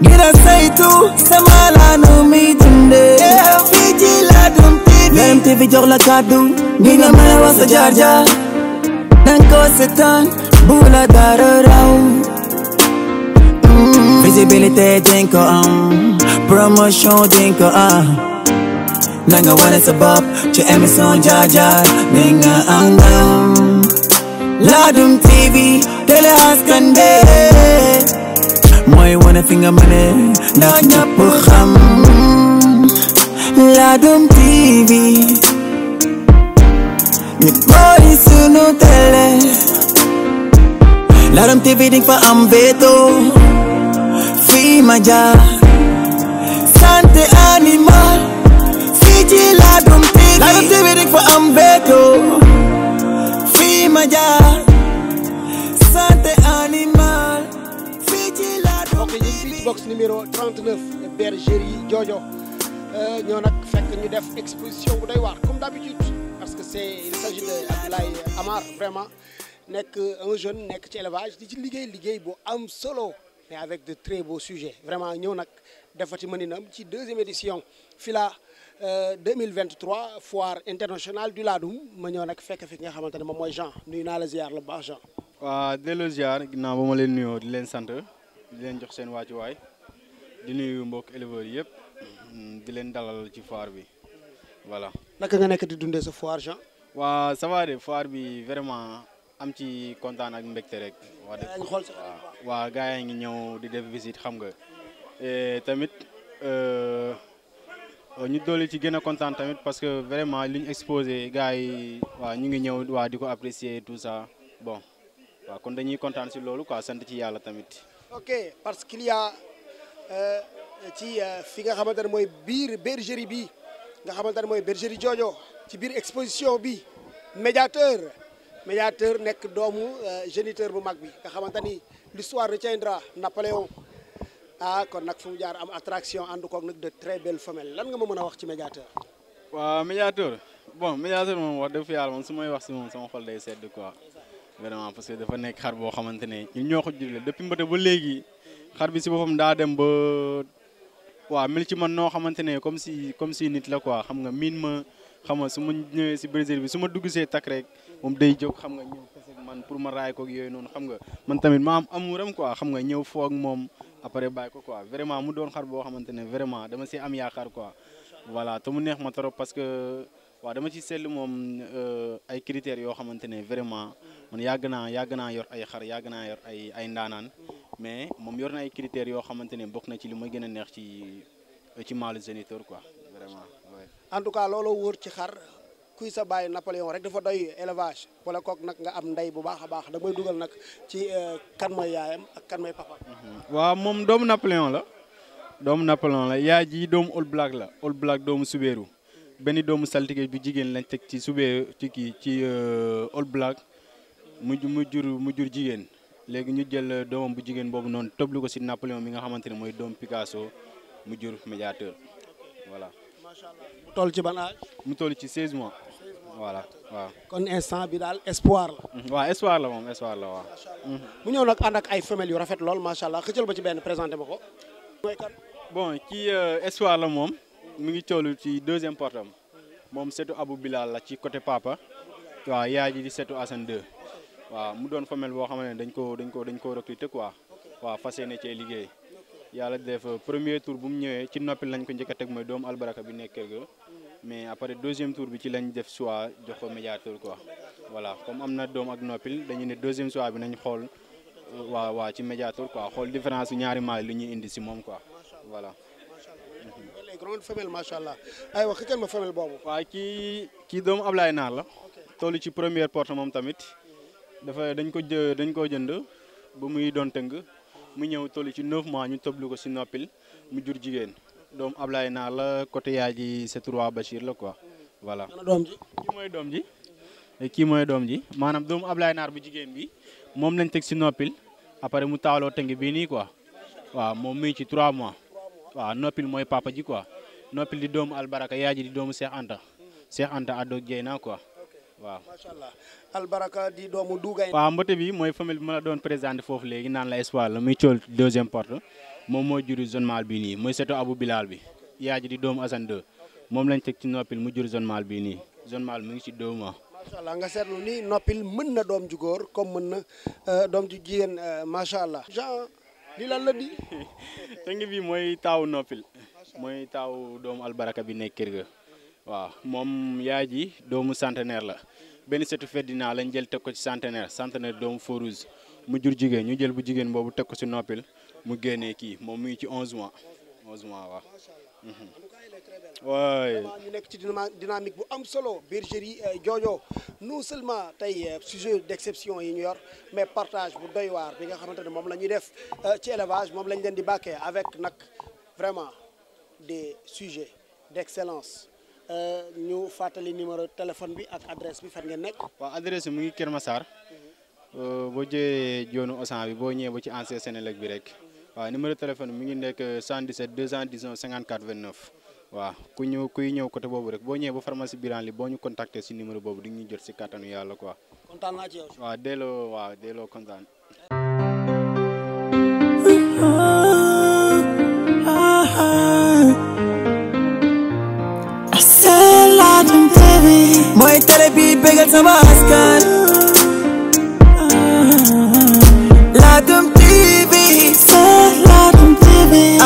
ngir a saytu sama mi dundee. teew fii ci Ladoum TV. la MTV jox la kàddu. nga mën a jaar jaar. ko seetaan bu mm. nanga wane sa bopp ci émission jaar jaar mi nga am ndam. Ladoum TV télé askan bi. mooy wane fi nga mëne ndax ñëpp xam Ladoum TV ñu mooy sunu télé Ladoum TV di fa am béto fii ma jaar animal fii ci Ladoum TV Ladoum TV fa am béto fii ma box numéro 39 bergerie Diodio euh, ñoo nag fekk ñu def exposition bu doy waar comme d'habitude parce que c'est il s'agit de Abdoulaye Amar vraiment nekk un jeune nekk ci élevage di ci liggéey liggéey bu am solo mais avec de très beaux sujets vraiment ñëw nag defati ma ni mëninam ci deuxième édition fila 2023 euh, foire internationale du Ladoum ma ñëw nag fekk fi nga xamante ne moom mooy Jean nuyu naa la ziar la baax Jean. waa delloo ziar ginnaaw ba ma leen nuyoo di leen sant di leen jox seen waajuwaay di nuyu mbokk éleveurs yëpp mm, di leen dalal ci foire bi voilà. naka nga nekk di dundee sa foire Jean. waa ça foire bi vraiment am ci kontaan ak mbégte rek. waa de waa gars yi ngi ñëw di def visite xam nga. tamit euh, ñu dolli ci gën a kontaan tamit parce que vraiment li ñu exposé gars yi waa ñu ngi ñëw waa di ko apprécier tout ça bon waaw kon dañuy kontaan si loolu quoi sant ci yàlla tamit. ok parce qu'il y Euh, ci euh, fi nga xamante ne mooy biir bergerie bi nga xamante ne mooy bergerie joojoo ci biir exposition bi médiateur médiateur nekk doomu euh, géniteur bu mag bi nga xamante ni l'histoire retiendra Napoléon ah kon nag fu mu jaar am attraction ànd koog nag de très belle femelle lan nga ma mën a wax ci médiateur. waaw médiateur bon médiateur moom wax dëgg fa moom su may wax si moom sama xol day sedd quoi vraiment parce que dafa nekk xar boo xamante ne ñun ñoo ko ba léegi. xar bi si boppam daa dem ba waaw mel ci man noo xamante ne comme si comme si nit la quoi xam nga miin ma xam nga su ma ñëwee si brésil bi su ma dugg see takk rek moom day jóg xam nga ñëw fese man pour ma raay ko ak yooyu noonu xam nga man tamit ma am amuram quoi xam nga ñëw foog moom après bàyyi ko quoi vraiment mu doon xar boo xamante ne vraiment dama si am yaakaar koi voilà te mu neex ma trop parce que waa dama ci seetlu moom euh, ay critères yoo xamante ne vraiment man yàgg naa yàgg naa yor ay xar yàgg naa yor ay ay ndaanaan mais moom yor na ay critères yoo xamante ne bokk na ci li may gën a neex ci ci maalu géniteur quoi vraiment. en tout cas looloo wóor ci xar kuy sa bàyyi Napoléon rek dafa doy élevage wala kook nag nga am ndey bu baax a baax da may dugal nag ci euh, kan mooy yaayam ak kan mooy papa. Mhm. waaw moom doomu Napoléon la. doomu Napoléon la yaay ji doomu All Black la All Black doomu Subeeru benn doomu saltige bi jigéen lañ teg ci Subeeru ci kii ci All euh, Black mu mu jur mu jur jigéen. léegi ñu jël euh, doomam bu jigéen boobu noonu tëblu ko si Napoléon mi nga xamante ne mooy doom Picasso mu jur médiateur voilà. macha allah mu ci ban mu toll ci 16 mois. voilà waaw. kon instant bi daal espoir la. Mm-hmm. waaw espoir la moom espoir la waaw. Mm-hmm. mu ñëw nag ay femelles yu rafet lool macha allah xëccal ba ci benn présenté ma ko. bon ci euh, espoir la moom mi ngi toll ci deuxième portam moom setu Abou Bilal la ci côté papa waaw yaay ji di setu Assane 2. waaw mu doon femelle boo xam ne dañ ko dañ ko dañ ko recruter quoi waaw fas yéene cee liggéey yàlla def euh, premier tour bu mu ñëwee ci noppi lañ ko njëkk a teg mooy doomu albaraka bi nekk kër ga mais après deuxième tour bi ci lañ def choix jox ko médiateur quoi voilà comme am na doom ak noppil dañu ne deuxième choix bi nañ xool waaw euh, waaw ci médiateur quoi xool différence ñaari maay li ñuy indi si moom quoi voilà. grande femelle macha allah aywa xëccal ma femelle boobu. waaw kii kii doomu Ablaye Naar la. toll ci première porte moom tamit. dafa dañ ko jë dañ koo jënd ba muy doon tëng mu ñëw tollu ci 9 mois ñu tëblu ko si noppil mu jur jigéen doom Ablaye Naar la côté yaay ji c'est trois la quoi voilà. doom kii mooy doom ji. kii mooy doom ji maanaam doomu Ablaye Naar bu jigéen bi moom lañ teg si noppil après mu taaloo tëng bii nii quoi waaw moom mi ci trois mois waaw noppil mooy papa ji quoi noppil di doomu Albaraka yaay ji di doomu Cheikh Anta Cheikh Anta Ado Dieyna quoi. waaw macha allah albaraka di doomu Duugay. waaw mbote bi mooy famille bi ma la doon présenté foofu léegi naan la espoir la muy cool deuxième porte moom mooy juri zone mal bii nii mooy seto abu bilal bi yaa ji di doomu Assane moom lañ teg ci noppil mu juri zone mal bii nii zone mal mu ngi ci deux mois. allah nga seetlu ni noppil mën na doom ju góor comme mën na euh, doom ju jigéen euh, macha allah. Jean li la di. te bi mooy taawu noppil mooy taawu doomu albaraka bi nekk kër ga. waaw moom yaay ji doomu centenaire la benn setu Ferdinand lañ jël teg ko ci centenaire centenaire doomu Fourouz mu jur jigéen ñu jël bu jigéen boobu teg ko ci noppil mu génnee kii moom mu ngi ci 11 mois 11 mois waaw. Mhm. waaye ñu nekk ci dynamique bu am solo bergerie euh, Diodio non seulement tey euh, sujet d'exception yi ñu yor mais partage bu doy waar bi nga xamante ne moom la ñuy def euh, ci élevage moom la ñu leen di bàkkee avec nag vraiment de sujets d'excellence. Euh, ñu fàttali numéro téléphone bi ak adresse bi fan ngeen nekk. waaw adresse bi mu ngi Kër Massar. Euh, boo jëyee joonu Auchan bi boo ñëwee ba ci ancien Sénélec bi rek. waaw numéro téléphone mu ngi nekk 77 219 54 29. waaw ku ñëw kuy ñëw côté boobu rek boo ñëwee ba pharmacie Birane li boo ñu contacter si numéro boobu di ñu jot si kattanu yàlla quoi. kontaan naa ci yow. delloo waaw delloo kontaan. télé bi bégal sama askan